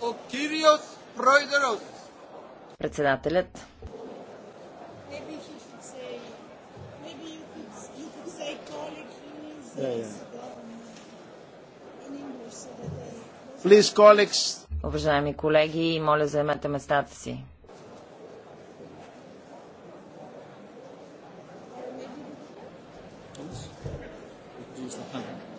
ο κύριος πρόεδρος. Председателят. Please, colleagues. Уважаеми колеги, моля заемете местата си. Thank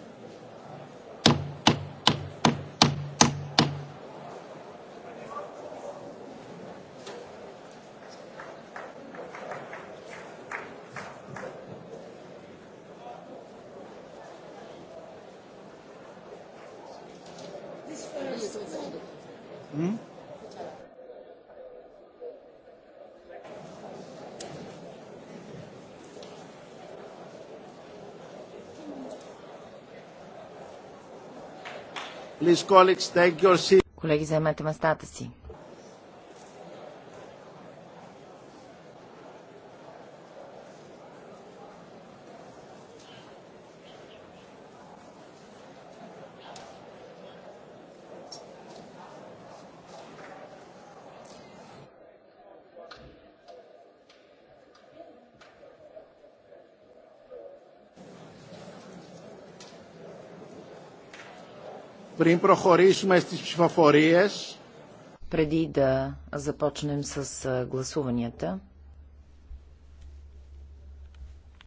Hmm? Колеги, заемете местата си. Πριν προχωρήσουμε στις ψηφοφορίες... Преди да започнем с гласуванията,